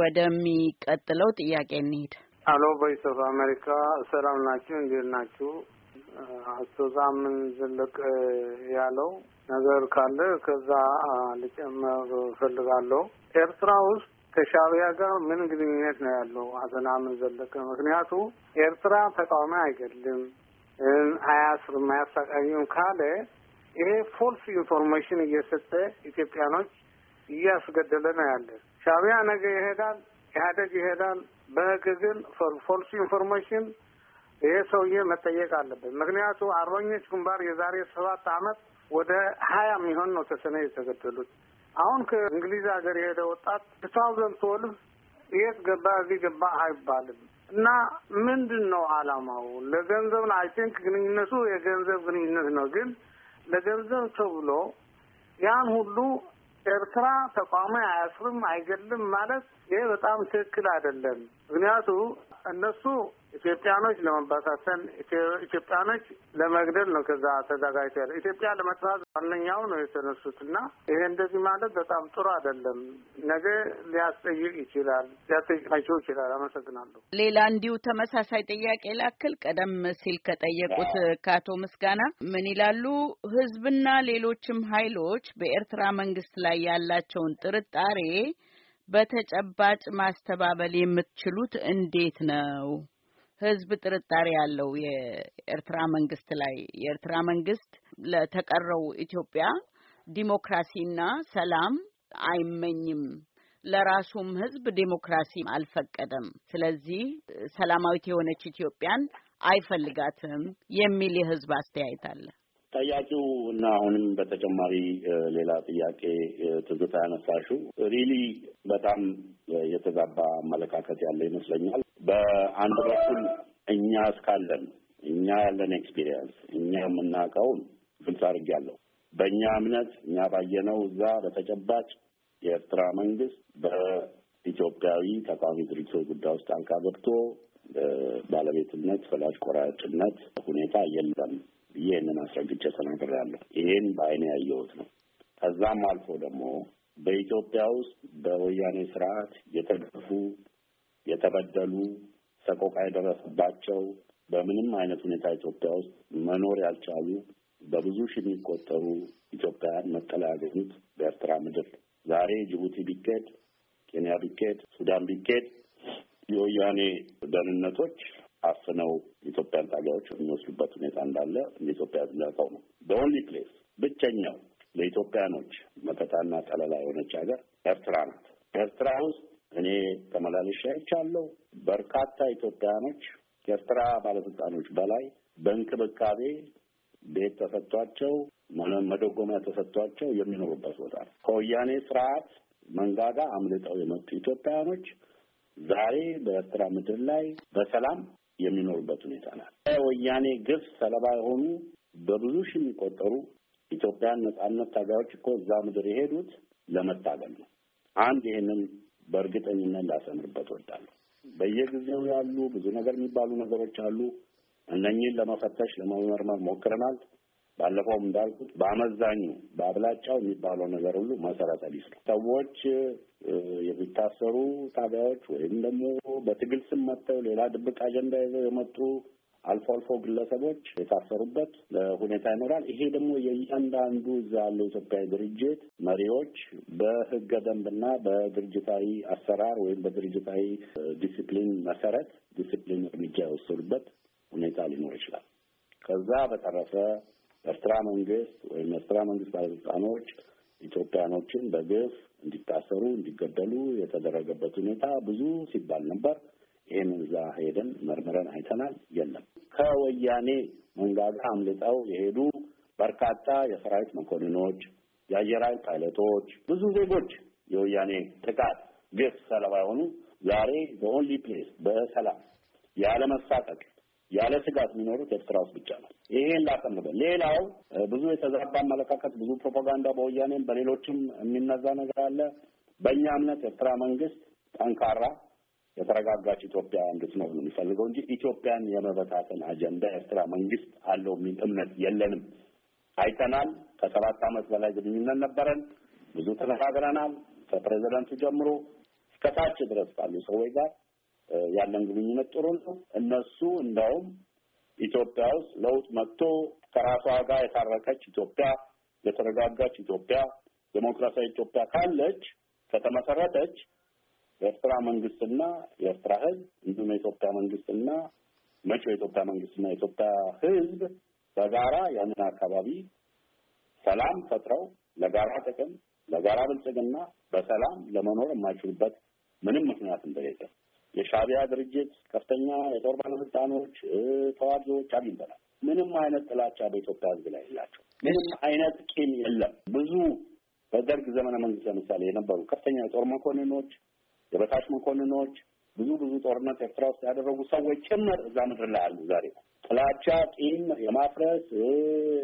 ወደሚቀጥለው ጥያቄ እንሂድ። አሎ ቮይስ ኦፍ አሜሪካ ሰላም ናችሁ? እንዴት ናችሁ? አስቶዛ ምን ዝልቅ ያለው ነገር ካለ ከዛ ልጨምር እፈልጋለሁ። ኤርትራ ውስጥ ከሻቢያ ጋር ምን ግንኙነት ነው ያለው? አዘና ምን ዘለቀ? ምክንያቱ ኤርትራ ተቃዋሚ አይገድልም፣ አያስርም፣ አያሳቃዩም ካለ ይሄ ፎልስ ኢንፎርሜሽን እየሰጠ ኢትዮጵያኖች እያስገደለ ነው ያለን። ሻቢያ ነገ ይሄዳል፣ ኢህአደግ ይሄዳል። በህግ ግን ፎልስ ኢንፎርሜሽን ይሄ ሰውዬ መጠየቅ አለበት። ምክንያቱ አርበኞች ግንባር የዛሬ ሰባት አመት ወደ ሀያ የሚሆን ነው ተሰነ የተገደሉት። አሁን ከእንግሊዝ ሀገር የሄደ ወጣት ቱታውዘንድ ትወልቭ የት ገባ እዚህ ገባ አይባልም። እና ምንድን ነው አላማው? ለገንዘብ አይ ቲንክ ግንኙነቱ የገንዘብ ግንኙነት ነው። ግን ለገንዘብ ተብሎ ያን ሁሉ ኤርትራ ተቋሚ አያስርም አይገልም ማለት ይሄ በጣም ትክክል አይደለም። ምክንያቱ እነሱ ኢትዮጵያኖች ለመባሳሰን ኢትዮጵያኖች ለመግደል ነው። ከዛ ተዘጋጅቶ ያለ ኢትዮጵያ ለመጥፋት ዋነኛው ነው የተነሱት እና ይሄ እንደዚህ ማለት በጣም ጥሩ አይደለም። ነገ ሊያስጠይቅ ይችላል፣ ሊያስጠይቃቸው ይችላል። አመሰግናለሁ። ሌላ እንዲሁ ተመሳሳይ ጥያቄ ላክል። ቀደም ሲል ከጠየቁት ከአቶ ምስጋና ምን ይላሉ? ህዝብና ሌሎችም ሀይሎች በኤርትራ መንግስት ላይ ያላቸውን ጥርጣሬ በተጨባጭ ማስተባበል የምትችሉት እንዴት ነው? ህዝብ ጥርጣሬ ያለው የኤርትራ መንግስት ላይ የኤርትራ መንግስት ለተቀረው ኢትዮጵያ ዲሞክራሲና ሰላም አይመኝም ለራሱም ህዝብ ዲሞክራሲ አልፈቀደም። ስለዚህ ሰላማዊት የሆነች ኢትዮጵያን አይፈልጋትም የሚል የህዝብ አስተያየት አለ። ጠያቂው እና አሁንም በተጨማሪ ሌላ ጥያቄ ትዝታ ያነሳሹ ሪሊ በጣም የተዛባ አመለካከት ያለ ይመስለኛል። በአንድ በኩል እኛ እስካለን እኛ ያለን ኤክስፒሪየንስ እኛ የምናውቀውን ግልጽ አድርጌያለሁ። በእኛ እምነት እኛ ባየነው እዛ በተጨባጭ የኤርትራ መንግስት በኢትዮጵያዊ ተቃዋሚ ድርጅቶች ጉዳይ ውስጥ ጣልቃ ገብቶ ባለቤትነት፣ ፈላጭ ቆራጭነት ሁኔታ የለም ብዬ ይህንን አስረግጬ ተናግሬያለሁ። ይሄን በአይኔ ያየሁት ነው። ከዛም አልፎ ደግሞ በኢትዮጵያ ውስጥ በወያኔ ስርዓት የተገፉ የተበደሉ ሰቆቃ የደረሰባቸው በምንም አይነት ሁኔታ ኢትዮጵያ ውስጥ መኖር ያልቻሉ በብዙ ሺህ የሚቆጠሩ ኢትዮጵያውያን መጠለያ ያገኙት በኤርትራ ምድር ዛሬ ጅቡቲ ቢኬድ፣ ኬንያ ቢኬድ፣ ሱዳን ቢኬድ የወያኔ ደህንነቶች አፍነው ኢትዮጵያን ታጋዮች የሚወስዱበት ሁኔታ እንዳለ የኢትዮጵያ ዝለቀው ነው። በኦንሊ ፕሌስ ብቸኛው ለኢትዮጵያኖች መከታና ጠለላ የሆነች ሀገር ኤርትራ ናት። ኤርትራ ውስጥ እኔ ተመላልሼ አይቻለሁ። በርካታ ኢትዮጵያኖች ከኤርትራ ባለስልጣኖች በላይ በእንክብካቤ ቤት ተሰጥቷቸው መደጎሚያ ተሰጥቷቸው የሚኖሩበት ቦታ ነው። ከወያኔ ስርዓት መንጋጋ አምልጠው የመጡ ኢትዮጵያኖች ዛሬ በኤርትራ ምድር ላይ በሰላም የሚኖሩበት ሁኔታ ናል። ወያኔ ግፍ ሰለባ የሆኑ በብዙ ሺህ የሚቆጠሩ ኢትዮጵያን ነጻነት ታጋዮች እኮ እዛ ምድር የሄዱት ለመታገል ነው። አንድ ይህንን በእርግጠኝነት ላሰምርበት ወዳለሁ። በየጊዜው ያሉ ብዙ ነገር የሚባሉ ነገሮች አሉ። እነኚህን ለመፈተሽ ለመመርመር ሞክረናል። ባለፈውም እንዳልኩት በአመዛኙ በአብላጫው የሚባለው ነገር ሁሉ መሰረተ ቢስ ነው። ሰዎች የሚታሰሩ ታጋዮች ወይም ደግሞ በትግል ስም መጥተው ሌላ ድብቅ አጀንዳ ይዘው የመጡ አልፎ አልፎ ግለሰቦች የታሰሩበት ሁኔታ ይኖራል። ይሄ ደግሞ የእያንዳንዱ እዛ ያለው ኢትዮጵያዊ ድርጅት መሪዎች በህገ ደንብና በድርጅታዊ አሰራር ወይም በድርጅታዊ ዲስፕሊን መሰረት ዲስፕሊን እርምጃ የወሰዱበት ሁኔታ ሊኖር ይችላል። ከዛ በተረፈ ኤርትራ መንግስት ወይም ኤርትራ መንግስት ባለስልጣኖች ኢትዮጵያኖችን በግፍ እንዲታሰሩ፣ እንዲገደሉ የተደረገበት ሁኔታ ብዙ ሲባል ነበር። ይህን እዛ ሄደን መርምረን አይተናል። የለም ከወያኔ መንጋጋ አምልጠው የሄዱ በርካታ የሰራዊት መኮንኖች፣ የአየር ኃይል ፓይለቶች፣ ብዙ ዜጎች የወያኔ ጥቃት ግፍ ሰለባ የሆኑ ዛሬ በኦንሊ ፕሌስ በሰላም ያለ መሳቀቅ ያለ ስጋት የሚኖሩት ኤርትራ ውስጥ ብቻ ነው። ይሄን ላቀምበን። ሌላው ብዙ የተዛባ አመለካከት፣ ብዙ ፕሮፓጋንዳ በወያኔም በሌሎችም የሚነዛ ነገር አለ። በእኛ እምነት ኤርትራ መንግስት ጠንካራ የተረጋጋች ኢትዮጵያ እንድትኖር ነው የሚፈልገው እንጂ ኢትዮጵያን የመበታተን አጀንዳ ኤርትራ መንግስት አለው የሚል እምነት የለንም። አይተናል። ከሰባት ዓመት በላይ ግንኙነት ነበረን። ብዙ ተነጋግረናል። ከፕሬዚደንቱ ጀምሮ ከታች ድረስ ካሉ ሰዎች ጋር ያለን ግንኙነት ጥሩ ነው። እነሱ እንደውም ኢትዮጵያ ውስጥ ለውጥ መጥቶ ከራሷ ጋር የታረቀች ኢትዮጵያ፣ የተረጋጋች ኢትዮጵያ፣ ዴሞክራሲያዊ ኢትዮጵያ ካለች ከተመሰረተች የኤርትራ መንግስትና የኤርትራ ህዝብ እንዲሁም የኢትዮጵያ መንግስትና መጪው የኢትዮጵያ መንግስትና የኢትዮጵያ ህዝብ በጋራ ያንን አካባቢ ሰላም ፈጥረው ለጋራ ጥቅም ለጋራ ብልጽግና በሰላም ለመኖር የማይችሉበት ምንም ምክንያት እንደሌለ የሻቢያ ድርጅት ከፍተኛ የጦር ባለስልጣኖች፣ ተዋጊዎች አግኝተናል። ምንም አይነት ጥላቻ በኢትዮጵያ ህዝብ ላይ የላቸው። ምንም አይነት ቂም የለም። ብዙ በደርግ ዘመነ መንግስት ለምሳሌ የነበሩ ከፍተኛ የጦር መኮንኖች የበታች መኮንኖች፣ ብዙ ብዙ ጦርነት ኤርትራ ውስጥ ያደረጉ ሰዎች ጭምር እዛ ምድር ላይ አሉ። ዛሬ ጥላቻ፣ ጢም የማፍረስ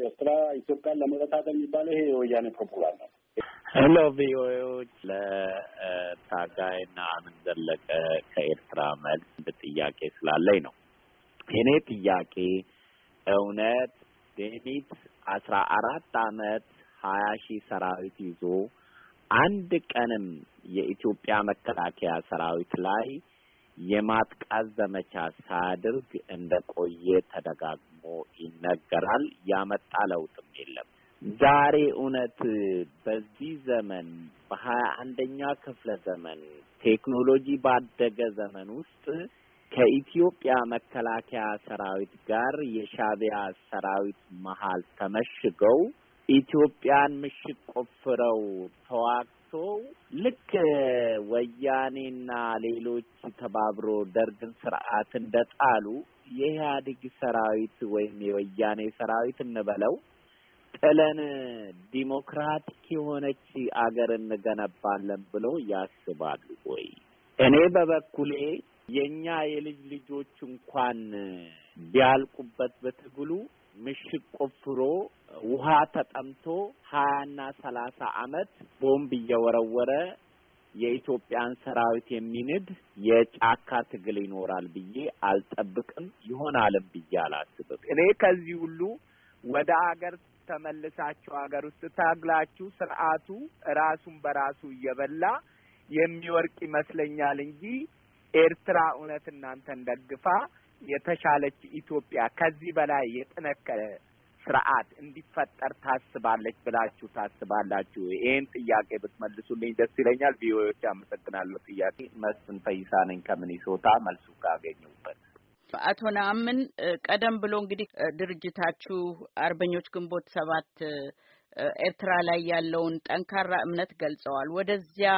ኤርትራ ኢትዮጵያን ለመበታት የሚባለው ይሄ የወያኔ ፕሮፓጋንዳ ነው። ሄሎ ቪኦኤዎች፣ ለታጋይና አምን ዘለቀ ከኤርትራ መልስ ጥያቄ ስላለኝ ነው። የኔ ጥያቄ እውነት ዴኒት አስራ አራት አመት ሀያ ሺህ ሰራዊት ይዞ አንድ ቀንም የኢትዮጵያ መከላከያ ሰራዊት ላይ የማጥቃት ዘመቻ ሳያደርግ እንደቆየ ተደጋግሞ ይነገራል። ያመጣ ለውጥም የለም። ዛሬ እውነት በዚህ ዘመን በሀያ አንደኛ ክፍለ ዘመን ቴክኖሎጂ ባደገ ዘመን ውስጥ ከኢትዮጵያ መከላከያ ሰራዊት ጋር የሻቢያ ሰራዊት መሀል ተመሽገው ኢትዮጵያን ምሽግ ቆፍረው ተዋግቶ ልክ ወያኔና ሌሎች ተባብሮ ደርግን ስርዓት እንደጣሉ የኢህአዴግ ሰራዊት ወይም የወያኔ ሰራዊት እንበለው ጥለን ዲሞክራቲክ የሆነች አገር እንገነባለን ብሎ ያስባሉ ወይ? እኔ በበኩሌ የእኛ የልጅ ልጆች እንኳን ቢያልቁበት በትግሉ ምሽግ ቆፍሮ ውሃ ተጠምቶ ሀያና ሰላሳ አመት ቦምብ እየወረወረ የኢትዮጵያን ሰራዊት የሚንድ የጫካ ትግል ይኖራል ብዬ አልጠብቅም፣ ይሆናልም ብዬ አላስብም። እኔ ከዚህ ሁሉ ወደ አገር ተመልሳችሁ አገር ውስጥ ታግላችሁ ስርዓቱ ራሱን በራሱ እየበላ የሚወርቅ ይመስለኛል እንጂ ኤርትራ እውነት እናንተን ደግፋ የተሻለች ኢትዮጵያ ከዚህ በላይ የጠነከረ ስርዓት እንዲፈጠር ታስባለች ብላችሁ ታስባላችሁ? ይህን ጥያቄ ብትመልሱልኝ ደስ ይለኛል። ቪኦኤዎች አመሰግናለሁ። ጥያቄ መስፍን ፈይሳ ነኝ ከሚኒሶታ መልሱ ካገኘሁበት አቶ ናምን ቀደም ብሎ እንግዲህ ድርጅታችሁ አርበኞች ግንቦት ሰባት ኤርትራ ላይ ያለውን ጠንካራ እምነት ገልጸዋል። ወደዚያ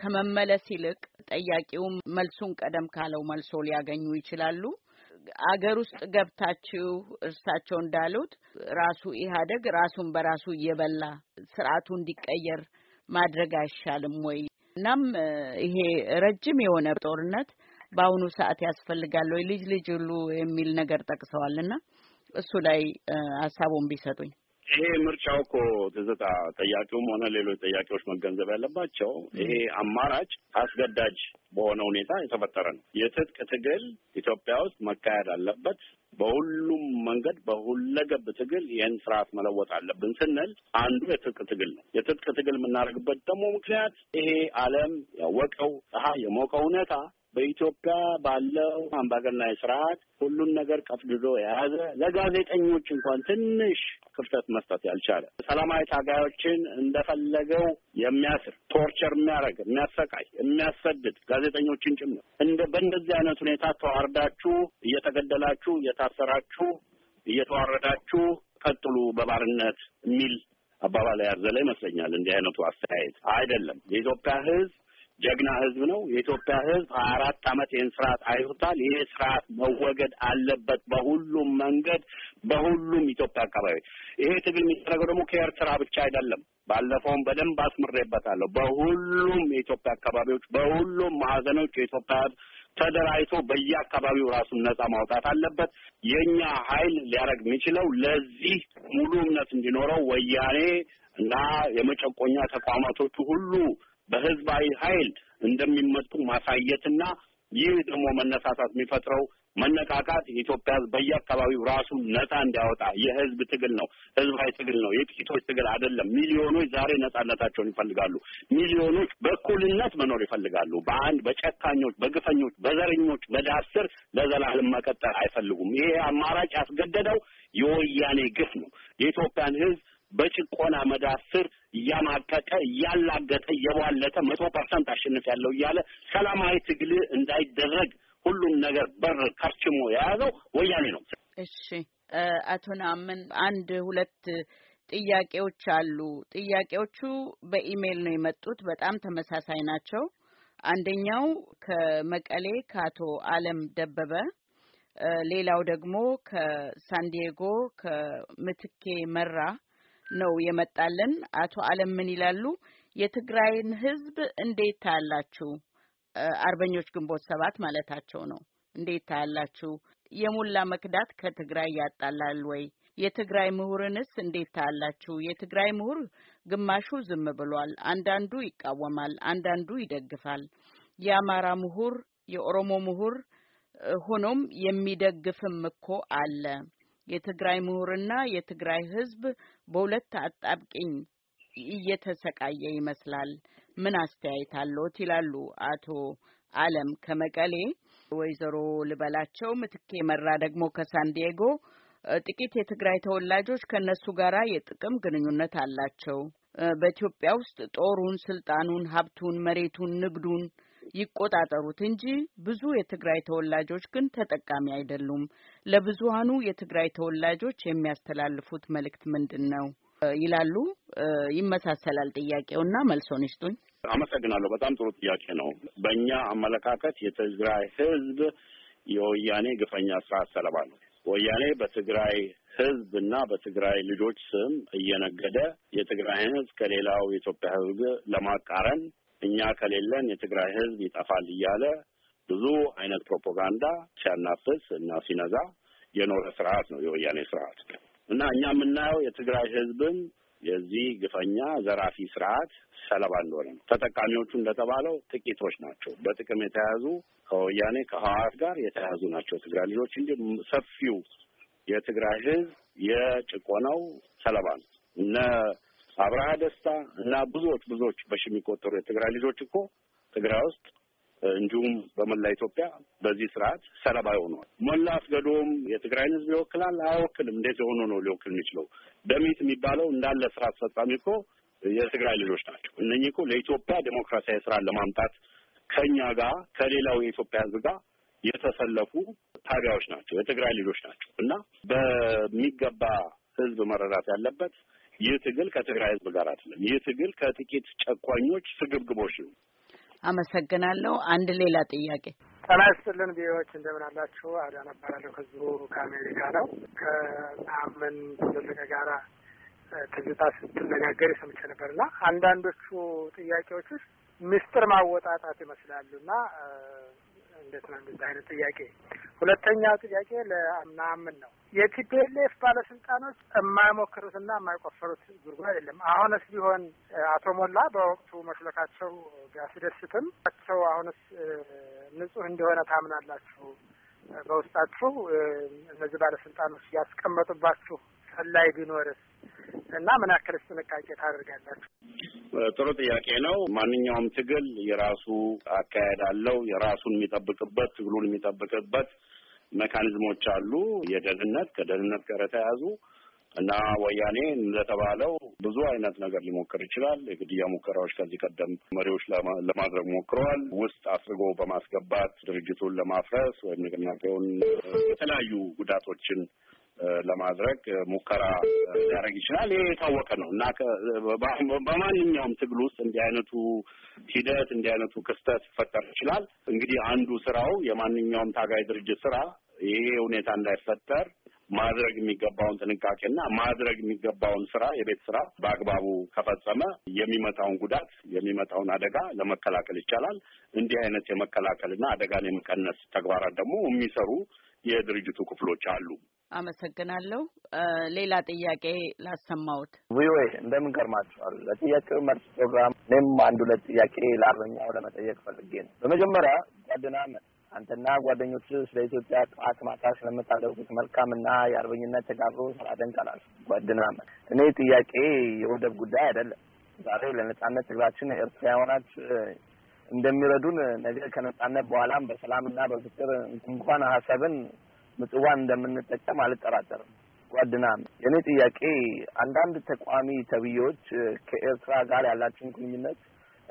ከመመለስ ይልቅ ጠያቂውም መልሱን ቀደም ካለው መልሶ ሊያገኙ ይችላሉ። አገር ውስጥ ገብታችሁ እርሳቸው እንዳሉት ራሱ ኢህአደግ ራሱን በራሱ እየበላ ስርዓቱ እንዲቀየር ማድረግ አይሻልም ወይ? እናም ይሄ ረጅም የሆነ ጦርነት በአሁኑ ሰዓት ያስፈልጋል ወይ? ልጅ ልጅ ሁሉ የሚል ነገር ጠቅሰዋልና እሱ ላይ ሀሳቡን ቢሰጡኝ ይሄ ምርጫው እኮ ትዝታ ጠያቂውም ሆነ ሌሎች ጥያቄዎች መገንዘብ ያለባቸው ይሄ አማራጭ አስገዳጅ በሆነ ሁኔታ የተፈጠረ ነው። የትጥቅ ትግል ኢትዮጵያ ውስጥ መካሄድ አለበት። በሁሉም መንገድ በሁለገብ ትግል ይህን ስርዓት መለወጥ አለብን ስንል አንዱ የትጥቅ ትግል ነው። የትጥቅ ትግል የምናደርግበት ደግሞ ምክንያት ይሄ ዓለም ያወቀው ፀሐይ የሞቀው ሁኔታ በኢትዮጵያ ባለው አምባገናዊ ስርዓት ሁሉን ነገር ቀፍድዶ የያዘ ለጋዜጠኞች እንኳን ትንሽ ክፍተት መስጠት ያልቻለ ሰላማዊ ታጋዮችን እንደፈለገው የሚያስር ቶርቸር የሚያደርግ የሚያሰቃይ፣ የሚያሰድድ ጋዜጠኞችን ጭምር እንደ በእንደዚህ አይነት ሁኔታ ተዋርዳችሁ እየተገደላችሁ እየታሰራችሁ እየተዋረዳችሁ ቀጥሉ በባርነት የሚል አባባል ያዘለ ይመስለኛል። እንዲህ አይነቱ አስተያየት አይደለም የኢትዮጵያ ሕዝብ ጀግና ህዝብ ነው። የኢትዮጵያ ህዝብ ሀያ አራት አመት ይህን ስርዓት አይቶታል። ይህ ስርዓት መወገድ አለበት በሁሉም መንገድ፣ በሁሉም ኢትዮጵያ አካባቢ። ይሄ ትግል የሚደረገው ደግሞ ከኤርትራ ብቻ አይደለም። ባለፈውም በደንብ አስምሬበታለሁ። በሁሉም የኢትዮጵያ አካባቢዎች፣ በሁሉም ማዕዘኖች የኢትዮጵያ ህዝብ ተደራጅቶ በየአካባቢው ራሱን ነጻ ማውጣት አለበት። የእኛ ኃይል ሊያደርግ የሚችለው ለዚህ ሙሉ እምነት እንዲኖረው ወያኔ እና የመጨቆኛ ተቋማቶቹ ሁሉ በህዝባዊ ኃይል እንደሚመጡ ማሳየትና ይህ ደግሞ መነሳሳት የሚፈጥረው መነቃቃት የኢትዮጵያ ህዝብ በየአካባቢው ራሱን ነጻ እንዲያወጣ የህዝብ ትግል ነው። ህዝባዊ ትግል ነው። የጥቂቶች ትግል አይደለም። ሚሊዮኖች ዛሬ ነጻነታቸውን ይፈልጋሉ። ሚሊዮኖች በእኩልነት መኖር ይፈልጋሉ። በአንድ በጨካኞች፣ በግፈኞች፣ በዘረኞች መዳፍ ስር ለዘላለም መቀጠል አይፈልጉም። ይሄ አማራጭ ያስገደደው የወያኔ ግፍ ነው። የኢትዮጵያን ህዝብ በጭቆና መዳፍ ስር እያማቀቀ እያላገጠ እየቧለተ መቶ ፐርሰንት አሸንፍ ያለው እያለ ሰላማዊ ትግል እንዳይደረግ ሁሉም ነገር በር ከርችሞ የያዘው ወያኔ ነው። እሺ አቶ ናምን አንድ ሁለት ጥያቄዎች አሉ። ጥያቄዎቹ በኢሜይል ነው የመጡት። በጣም ተመሳሳይ ናቸው። አንደኛው ከመቀሌ ከአቶ አለም ደበበ፣ ሌላው ደግሞ ከሳንዲዬጎ ከምትኬ መራ ነው የመጣልን። አቶ አለም ምን ይላሉ? የትግራይን ህዝብ እንዴት ታያላችሁ? አርበኞች ግንቦት ሰባት ማለታቸው ነው። እንዴት ታያላችሁ? የሙላ መክዳት ከትግራይ ያጣላል ወይ? የትግራይ ምሁርንስ እንዴት ታያላችሁ? የትግራይ ምሁር ግማሹ ዝም ብሏል፣ አንዳንዱ ይቃወማል፣ አንዳንዱ ይደግፋል። የአማራ ምሁር፣ የኦሮሞ ምሁር ሆኖም የሚደግፍም እኮ አለ። የትግራይ ምሁርና የትግራይ ህዝብ በሁለት አጣብቂኝ እየተሰቃየ ይመስላል። ምን አስተያየት አለዎት? ይላሉ አቶ አለም ከመቀሌ። ወይዘሮ ልበላቸው ምትኬ መራ ደግሞ ከሳንዲያጎ ጥቂት የትግራይ ተወላጆች ከእነሱ ጋራ የጥቅም ግንኙነት አላቸው። በኢትዮጵያ ውስጥ ጦሩን፣ ስልጣኑን፣ ሀብቱን፣ መሬቱን፣ ንግዱን ይቆጣጠሩት እንጂ ብዙ የትግራይ ተወላጆች ግን ተጠቃሚ አይደሉም። ለብዙሃኑ የትግራይ ተወላጆች የሚያስተላልፉት መልእክት ምንድን ነው ይላሉ። ይመሳሰላል ጥያቄውና መልሶን ይስጡኝ። አመሰግናለሁ። በጣም ጥሩ ጥያቄ ነው። በእኛ አመለካከት የትግራይ ህዝብ የወያኔ ግፈኛ ስርዓት ሰለባ ነው። ወያኔ በትግራይ ህዝብ እና በትግራይ ልጆች ስም እየነገደ የትግራይን ህዝብ ከሌላው የኢትዮጵያ ህዝብ ለማቃረን እኛ ከሌለን የትግራይ ህዝብ ይጠፋል እያለ ብዙ አይነት ፕሮፓጋንዳ ሲያናፍስ እና ሲነዛ የኖረ ስርዓት ነው የወያኔ ስርዓት። እና እኛ የምናየው የትግራይ ህዝብን የዚህ ግፈኛ ዘራፊ ስርዓት ሰለባ እንደሆነ ነው። ተጠቃሚዎቹ እንደተባለው ጥቂቶች ናቸው። በጥቅም የተያዙ ከወያኔ ከህወሓት ጋር የተያዙ ናቸው ትግራይ ልጆች እንጂ ሰፊው የትግራይ ህዝብ የጭቆናው ሰለባ ነው። እነ አብርሃ ደስታ እና ብዙዎች ብዙዎች በሺ የሚቆጠሩ የትግራይ ልጆች እኮ ትግራይ ውስጥ እንዲሁም በመላ ኢትዮጵያ በዚህ ስርዓት ሰለባ ሆነዋል። ሞላ አስገዶም የትግራይን ህዝብ ይወክላል? አይወክልም። እንዴት የሆኑ ነው ሊወክል የሚችለው? ደሚት የሚባለው እንዳለ ስራ አስፈጻሚ እኮ የትግራይ ልጆች ናቸው። እነኚህ እኮ ለኢትዮጵያ ዴሞክራሲያዊ ስራን ለማምጣት ከእኛ ጋር ከሌላው የኢትዮጵያ ህዝብ ጋር የተሰለፉ ታቢያዎች ናቸው። የትግራይ ልጆች ናቸው እና በሚገባ ህዝብ መረዳት ያለበት ይህ ትግል ከትግራይ ህዝብ ጋር አይደለም። ይህ ትግል ከጥቂት ጨቋኞች ስግብግቦች ነው። አመሰግናለሁ። አንድ ሌላ ጥያቄ። ጠና ይስጥልን ቢዎች እንደምን አላችሁ? አዳን እባላለሁ ከዚሁ ከአሜሪካ ነው። ከአመን ዘለቀ ጋር ትዝታ ስትነጋገር የሰምቼ ነበር እና አንዳንዶቹ ጥያቄዎች ውስጥ ምስጢር ማወጣጣት ይመስላሉ እና እንዴት ነው እንደዚህ አይነት ጥያቄ? ሁለተኛው ጥያቄ ለአምና አምን ነው የቲፒኤልኤፍ ባለስልጣኖች የማይሞክሩትና የማይቆፈሩት ጉድጓድ የለም። አሁንስ ቢሆን አቶ ሞላ በወቅቱ መሽለካቸው ቢያስደስትም ቸው አሁንስ ንጹህ እንደሆነ ታምናላችሁ? በውስጣችሁ እነዚህ ባለስልጣኖች ያስቀመጡባችሁ ሰላይ ቢኖርስ እና ምን ያክልስ ጥንቃቄ ታደርጋላችሁ? ጥሩ ጥያቄ ነው። ማንኛውም ትግል የራሱ አካሄድ አለው። የራሱን የሚጠብቅበት ትግሉን የሚጠብቅበት መካኒዝሞች አሉ። የደህንነት ከደህንነት ጋር የተያያዙ እና ወያኔ እንደተባለው ብዙ አይነት ነገር ሊሞክር ይችላል። የግድያ ሙከራዎች ከዚህ ቀደም መሪዎች ለማድረግ ሞክረዋል። ውስጥ አስርጎ በማስገባት ድርጅቱን ለማፍረስ ወይም ንቅናቄውን የተለያዩ ጉዳቶችን ለማድረግ ሙከራ ሊያደርግ ይችላል። ይሄ የታወቀ ነው እና በማንኛውም ትግል ውስጥ እንዲህ አይነቱ ሂደት እንዲህ አይነቱ ክስተት ሊፈጠር ይችላል። እንግዲህ አንዱ ስራው የማንኛውም ታጋይ ድርጅት ስራ ይሄ ሁኔታ እንዳይፈጠር ማድረግ የሚገባውን ጥንቃቄና ማድረግ የሚገባውን ስራ የቤት ስራ በአግባቡ ከፈጸመ የሚመጣውን ጉዳት የሚመጣውን አደጋ ለመከላከል ይቻላል። እንዲህ አይነት የመከላከልና አደጋን የመቀነስ ተግባራት ደግሞ የሚሰሩ የድርጅቱ ክፍሎች አሉ። አመሰግናለሁ። ሌላ ጥያቄ ላሰማሁት። ቪኦኤ እንደምን ከርማችኋል? ለጥያቄው መልስ ፕሮግራም እኔም አንድ ሁለት ጥያቄ ለአርበኛው ለመጠየቅ ፈልጌ ነው። በመጀመሪያ ጓድና አንተና ጓደኞች ስለ ኢትዮጵያ ጠዋት ማታ ስለምታደርጉት መልካምና የአርበኝነት ተጋድሎ ስላደንቃላል። ጓድና እኔ ጥያቄ የወደብ ጉዳይ አይደለም። ዛሬ ለነጻነት ትግላችን ኤርትራውያን እንደሚረዱን ነገ ከነጻነት በኋላም በሰላምና በፍቅር እንኳን ሀሳብን ምጽዋን እንደምንጠቀም አልጠራጠርም። ጓድና የእኔ ጥያቄ አንዳንድ ተቋሚ ተብዬዎች ከኤርትራ ጋር ያላቸውን ግንኙነት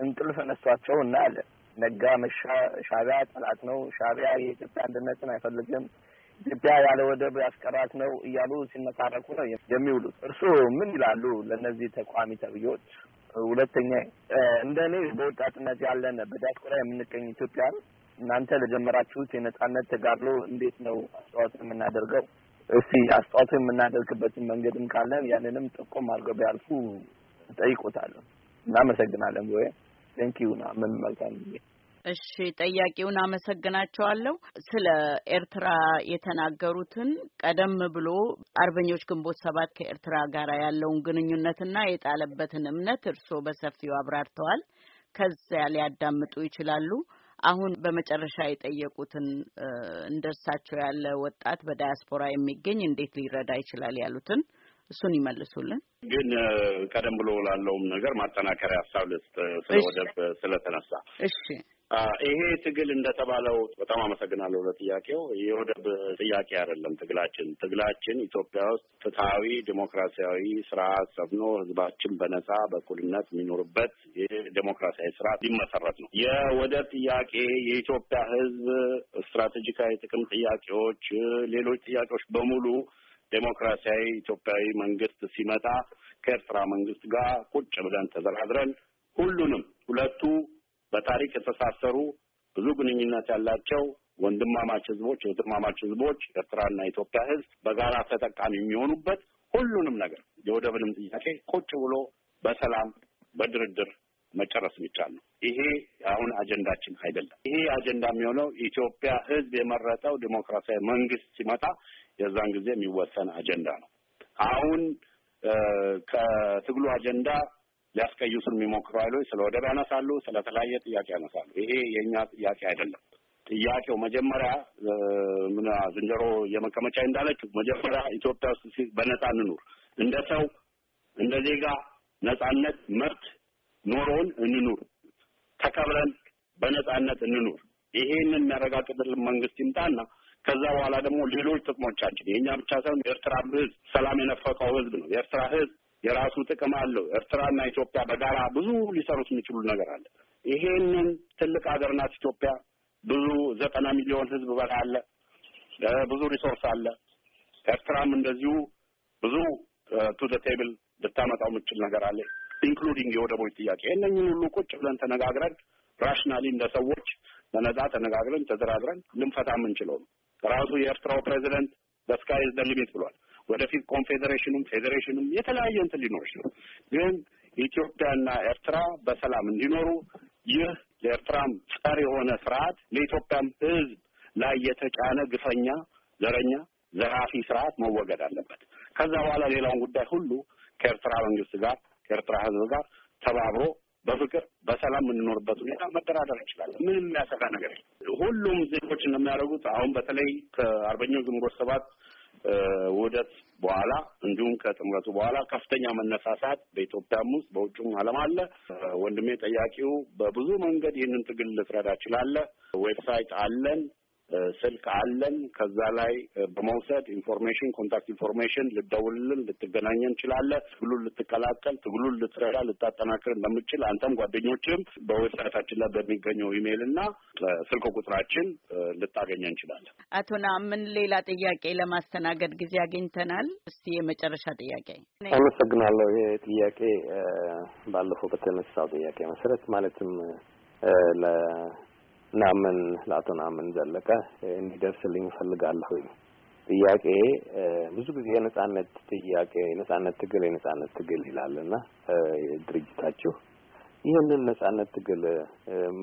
እንቅልፍ ነሷቸው እናያለን። ነጋ መሻ ሻቢያ ጠላት ነው፣ ሻቢያ የኢትዮጵያ አንድነትን አይፈልግም፣ ኢትዮጵያ ያለ ወደብ ያስቀራት ነው እያሉ ሲመታረኩ ነው የሚውሉት። እርስዎ ምን ይላሉ ለእነዚህ ተቋሚ ተብዬዎች? ሁለተኛ እንደ እኔ በወጣትነት ያለን በዲያስፖራ የምንገኝ ኢትዮጵያን እናንተ ለጀመራችሁት የነጻነት ተጋድሎ እንዴት ነው አስተዋጽኦ የምናደርገው? እስቲ አስተዋጽኦ የምናደርግበትን መንገድም ካለን ያንንም ጥቆም አድርገው ቢያልፉ ጠይቆታለሁ። እናመሰግናለን። ወይ ቴንኪው ና ምን መልካም እሺ፣ ጠያቂውን አመሰግናቸዋለሁ። ስለ ኤርትራ የተናገሩትን ቀደም ብሎ አርበኞች ግንቦት ሰባት ከኤርትራ ጋር ያለውን ግንኙነትና የጣለበትን እምነት እርስዎ በሰፊው አብራርተዋል። ከዚያ ሊያዳምጡ ይችላሉ። አሁን በመጨረሻ የጠየቁትን እንደርሳቸው ያለ ወጣት በዳያስፖራ የሚገኝ እንዴት ሊረዳ ይችላል ያሉትን እሱን ይመልሱልን። ግን ቀደም ብሎ ላለውም ነገር ማጠናከሪያ ሀሳብ ልስጥ፣ ስለወደብ ስለተነሳ። እሺ ይሄ ትግል እንደተባለው በጣም አመሰግናለሁ ለጥያቄው። የወደብ ጥያቄ አይደለም ትግላችን። ትግላችን ኢትዮጵያ ውስጥ ፍትሐዊ ዲሞክራሲያዊ ስርዓት ሰፍኖ ህዝባችን በነጻ በእኩልነት የሚኖርበት የዴሞክራሲያዊ ስርዓት ሊመሰረት ነው። የወደብ ጥያቄ የኢትዮጵያ ህዝብ ስትራቴጂካዊ ጥቅም ጥያቄዎች፣ ሌሎች ጥያቄዎች በሙሉ ዴሞክራሲያዊ ኢትዮጵያዊ መንግስት ሲመጣ ከኤርትራ መንግስት ጋር ቁጭ ብለን ተደራድረን ሁሉንም ሁለቱ በታሪክ የተሳሰሩ ብዙ ግንኙነት ያላቸው ወንድማማች ህዝቦች የወንድማማች ህዝቦች ኤርትራና ኢትዮጵያ ህዝብ በጋራ ተጠቃሚ የሚሆኑበት ሁሉንም ነገር የወደብንም ጥያቄ ቁጭ ብሎ በሰላም በድርድር መጨረስ የሚቻል ነው። ይሄ አሁን አጀንዳችን አይደለም። ይሄ አጀንዳ የሚሆነው ኢትዮጵያ ህዝብ የመረጠው ዲሞክራሲያዊ መንግስት ሲመጣ የዛን ጊዜ የሚወሰን አጀንዳ ነው። አሁን ከትግሉ አጀንዳ ሊያስቀይሱን የሚሞክሩ ኃይሎች ስለ ወደብ ያነሳሉ፣ ስለተለያየ ጥያቄ ያነሳሉ። ይሄ የእኛ ጥያቄ አይደለም። ጥያቄው መጀመሪያ ምና ዝንጀሮ የመቀመጫ እንዳለችው መጀመሪያ ኢትዮጵያ ውስጥ በነፃ እንኑር፣ እንደ ሰው እንደ ዜጋ ነፃነት መብት ኖሮን እንኑር፣ ተከብረን በነፃነት እንኑር። ይሄንን የሚያረጋግጥልን መንግስት ይምጣና ከዛ በኋላ ደግሞ ሌሎች ጥቅሞቻችን የእኛ ብቻ ሳይሆን የኤርትራ ህዝብ ሰላም የነፈቀው ህዝብ ነው። የኤርትራ ህዝብ የራሱ ጥቅም አለው። ኤርትራና ኢትዮጵያ በጋራ ብዙ ሊሰሩት የሚችሉ ነገር አለ። ይሄንን ትልቅ ሀገር ናት ኢትዮጵያ። ብዙ ዘጠና ሚሊዮን ህዝብ በላ አለ። ብዙ ሪሶርስ አለ። ኤርትራም እንደዚሁ ብዙ ቱ ዘ ቴብል ልታመጣው የምችል ነገር አለ። ኢንክሉዲንግ የወደቦች ጥያቄ እነኝን ሁሉ ቁጭ ብለን ተነጋግረን ራሽናሊ እንደ ሰዎች በነጻ ተነጋግረን ተዘራዝረን ልንፈታ የምንችለው ነው። ራሱ የኤርትራው ፕሬዚደንት በስካይ ዘ ሊሚት ብሏል። ወደፊት ኮንፌዴሬሽኑም ፌዴሬሽኑም የተለያየ እንትን ሊኖር ይችላል። ግን ኢትዮጵያና ኤርትራ በሰላም እንዲኖሩ ይህ ለኤርትራም ጸር የሆነ ስርዓት ለኢትዮጵያም ሕዝብ ላይ የተጫነ ግፈኛ፣ ዘረኛ፣ ዘራፊ ስርዓት መወገድ አለበት። ከዛ በኋላ ሌላውን ጉዳይ ሁሉ ከኤርትራ መንግስት ጋር ከኤርትራ ሕዝብ ጋር ተባብሮ በፍቅር በሰላም የምንኖርበት ሁኔታ መደራደር እንችላለን። ምንም የሚያሰጋ ነገር ሁሉም ዜጎች እንደሚያደርጉት አሁን በተለይ ከአርበኛው ግንቦት ሰባት ውህደት በኋላ እንዲሁም ከጥምረቱ በኋላ ከፍተኛ መነሳሳት በኢትዮጵያም ውስጥ በውጭም ዓለም አለ። ወንድሜ ጠያቂው በብዙ መንገድ ይህንን ትግል ልትረዳ ችላለ። ዌብሳይት አለን። ስልክ አለን። ከዛ ላይ በመውሰድ ኢንፎርሜሽን ኮንታክት ኢንፎርሜሽን ልደውልልን፣ ልትገናኘን እንችላለን። ትግሉን ልትቀላቀል፣ ትግሉን ልትረዳ፣ ልታጠናክር እንደምችል አንተም ጓደኞችም በዌብሳይታችን ላይ በሚገኘው ኢሜይል እና ስልክ ቁጥራችን ልታገኘ እንችላለን። አቶ ናምን ሌላ ጥያቄ ለማስተናገድ ጊዜ አግኝተናል። እስቲ የመጨረሻ ጥያቄ። አመሰግናለሁ። ይሄ ጥያቄ ባለፈው በተነሳው ጥያቄ መሰረት ማለትም ናምን ለአቶ ናምን ዘለቀ እንዲደርስልኝ እፈልጋለሁኝ። ጥያቄ ብዙ ጊዜ የነጻነት ጥያቄ፣ የነጻነት ትግል፣ የነጻነት ትግል ይላልና ድርጅታችሁ ይህንን ነጻነት ትግል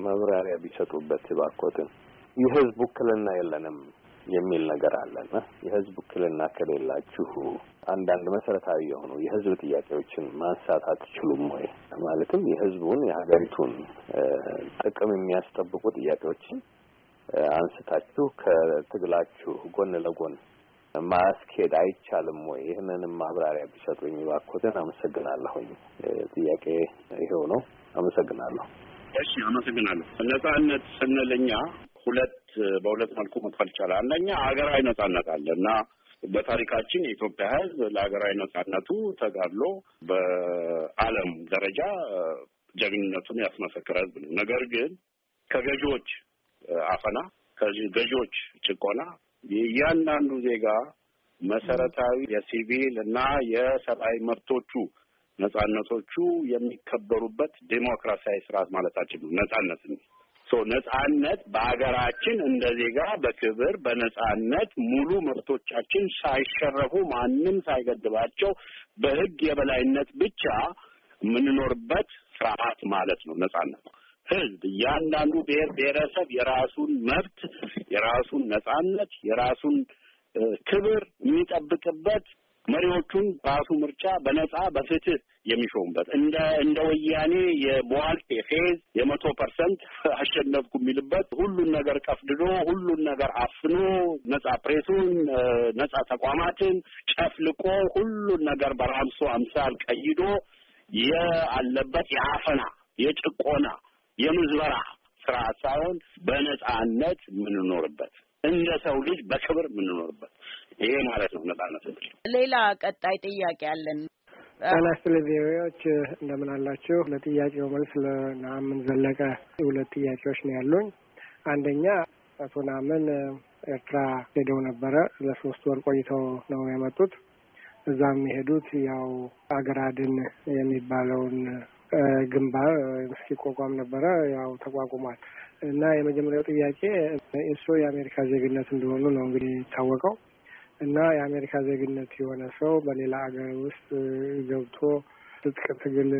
መብራሪያ ቢሰጡበት ባኮትን የህዝብ ውክልና የለንም የሚል ነገር አለና የህዝብ ውክልና ከሌላችሁ አንዳንድ መሰረታዊ የሆኑ የህዝብ ጥያቄዎችን ማንሳት አትችሉም ወይ? ማለትም የህዝቡን የሀገሪቱን ጥቅም የሚያስጠብቁ ጥያቄዎችን አንስታችሁ ከትግላችሁ ጎን ለጎን ማስኬድ አይቻልም ወይ? ይህንንም ማብራሪያ ቢሰጡኝ እባክዎትን። አመሰግናለሁኝ። ጥያቄ ይሄው ነው። አመሰግናለሁ። እሺ፣ አመሰግናለሁ። ነጻነት ስንል እኛ ሁለት በሁለት መልኩ መክፈል ይቻላል። አንደኛ ሀገራዊ ነጻነት አለ እና በታሪካችን የኢትዮጵያ ሕዝብ ለሀገራዊ ነጻነቱ ተጋድሎ በዓለም ደረጃ ጀግንነቱን ያስመሰክረ ሕዝብ ነው። ነገር ግን ከገዢዎች አፈና፣ ከገዢዎች ጭቆና የእያንዳንዱ ዜጋ መሰረታዊ የሲቪል እና የሰብአዊ መብቶቹ ነጻነቶቹ የሚከበሩበት ዴሞክራሲያዊ ስርዓት ማለታችን ነው ነጻነት ነጻነት በሀገራችን እንደ ዜጋ በክብር በነጻነት ሙሉ መብቶቻችን ሳይሸረፉ ማንም ሳይገድባቸው በህግ የበላይነት ብቻ የምንኖርበት ስርዓት ማለት ነው ነጻነት። ህዝብ እያንዳንዱ ብሔር ብሔረሰብ የራሱን መብት፣ የራሱን ነጻነት፣ የራሱን ክብር የሚጠብቅበት መሪዎቹን ራሱ ምርጫ በነጻ በፍትህ የሚሾሙበት እንደ እንደ ወያኔ የቧልት ፌዝ የመቶ ፐርሰንት አሸነፍኩ የሚልበት ሁሉን ነገር ቀፍድዶ ሁሉን ነገር አፍኖ ነጻ ፕሬሱን ነጻ ተቋማትን ጨፍልቆ ሁሉን ነገር በራምሶ አምሳል ቀይዶ የአለበት የአፈና የጭቆና የምዝበራ ስርዓት ሳይሆን በነጻነት የምንኖርበት እንደ ሰው ልጅ በክብር የምንኖርበት ይሄ ማለት ነው ነጻነት። ሌላ ቀጣይ ጥያቄ አለን። ጤና ይስጥልኝ እንደምን አላችሁ? ለጥያቄው መልስ ለናምን ዘለቀ ሁለት ጥያቄዎች ነው ያሉኝ። አንደኛ አቶ ናምን ኤርትራ ሄደው ነበረ። ለሶስት ወር ቆይተው ነው የመጡት። እዛም የሄዱት ያው አገራድን የሚባለውን ግንባር እስኪቋቋም ነበረ። ያው ተቋቁሟል እና የመጀመሪያው ጥያቄ እሱ የአሜሪካ ዜግነት እንደሆኑ ነው እንግዲህ የሚታወቀው እና የአሜሪካ ዜግነት የሆነ ሰው በሌላ ሀገር ውስጥ ገብቶ ትጥቅ ትግል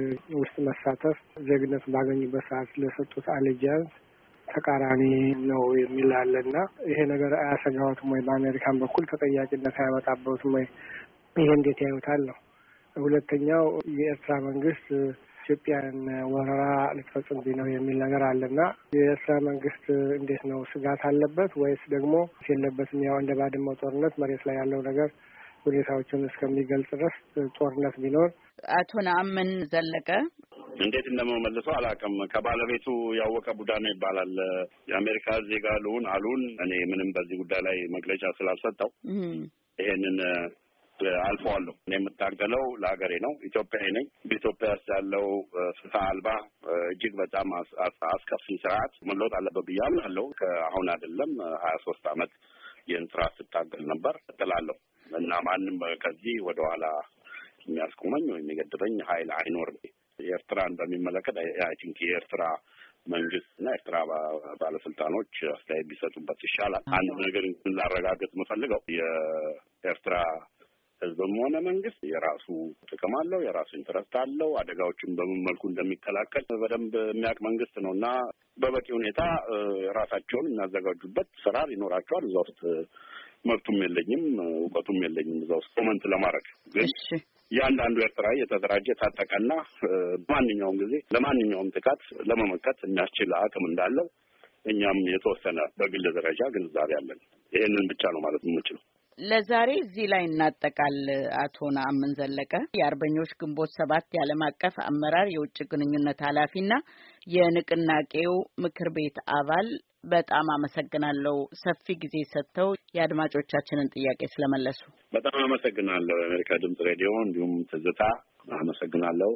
ውስጥ መሳተፍ ዜግነት ባገኙበት ሰዓት ለሰጡት አሌጃንስ ተቃራኒ ነው የሚል አለ እና ይሄ ነገር አያሰጋዎትም ወይ? በአሜሪካን በኩል ተጠያቂነት አያመጣበትም ወይ? ይሄ እንዴት ያዩታል ነው። ሁለተኛው የኤርትራ መንግስት ኢትዮጵያን ወረራ ልትፈጽም ነው የሚል ነገር አለና የኤርትራ መንግስት እንዴት ነው ስጋት አለበት ወይስ ደግሞ የለበትም? ያው እንደ ባድመው ጦርነት መሬት ላይ ያለው ነገር ሁኔታዎችን እስከሚገልጽ ድረስ ጦርነት ቢኖር አቶ ነአምን ዘለቀ እንዴት እንደመመልሰው አላውቅም። ከባለቤቱ ያወቀ ቡዳ ነው ይባላል። የአሜሪካ ዜጋ ልሁን አሉን እኔ ምንም በዚህ ጉዳይ ላይ መግለጫ ስላልሰጠው ይሄንን አልፈዋለሁ። እኔ የምታገለው ለሀገሬ ነው። ኢትዮጵያዊ ነኝ። በኢትዮጵያ ውስጥ ያለው ፍትህ አልባ እጅግ በጣም አስከፊ ስርዓት መለወጥ አለበት ብዬ አምናለሁ። ከአሁን አይደለም ሀያ ሶስት አመት ይህን ስርዓት ስታገል ነበር እጥላለሁ እና ማንም ከዚህ ወደኋላ የሚያስቆመኝ ወይም የሚገድበኝ ሀይል አይኖርም። ኤርትራን በሚመለከት አይ ቲንክ የኤርትራ መንግስት እና ኤርትራ ባለስልጣኖች አስተያየት ቢሰጡበት ይሻላል። አንድ ነገር ላረጋግጥ የምፈልገው የኤርትራ ህዝብም ሆነ መንግስት የራሱ ጥቅም አለው፣ የራሱ ኢንትረስት አለው። አደጋዎችን በምን መልኩ እንደሚከላከል በደንብ የሚያውቅ መንግስት ነው እና በበቂ ሁኔታ ራሳቸውን የሚያዘጋጁበት ስራ ይኖራቸዋል። እዛ ውስጥ መብቱም የለኝም እውቀቱም የለኝም እዛ ውስጥ ኮመንት ለማድረግ ግን እያንዳንዱ ኤርትራ የተደራጀ የታጠቀና በማንኛውም ጊዜ ለማንኛውም ጥቃት ለመመከት የሚያስችል አቅም እንዳለው እኛም የተወሰነ በግል ደረጃ ግንዛቤ አለን። ይህንን ብቻ ነው ማለት የምችለው። ለዛሬ እዚህ ላይ እናጠቃል። አቶ ነአምን ዘለቀ የአርበኞች ግንቦት ሰባት የዓለም አቀፍ አመራር የውጭ ግንኙነት ኃላፊና የንቅናቄው ምክር ቤት አባል በጣም አመሰግናለሁ። ሰፊ ጊዜ ሰጥተው የአድማጮቻችንን ጥያቄ ስለመለሱ በጣም አመሰግናለሁ። የአሜሪካ ድምጽ ሬዲዮ እንዲሁም ትዝታ አመሰግናለሁ።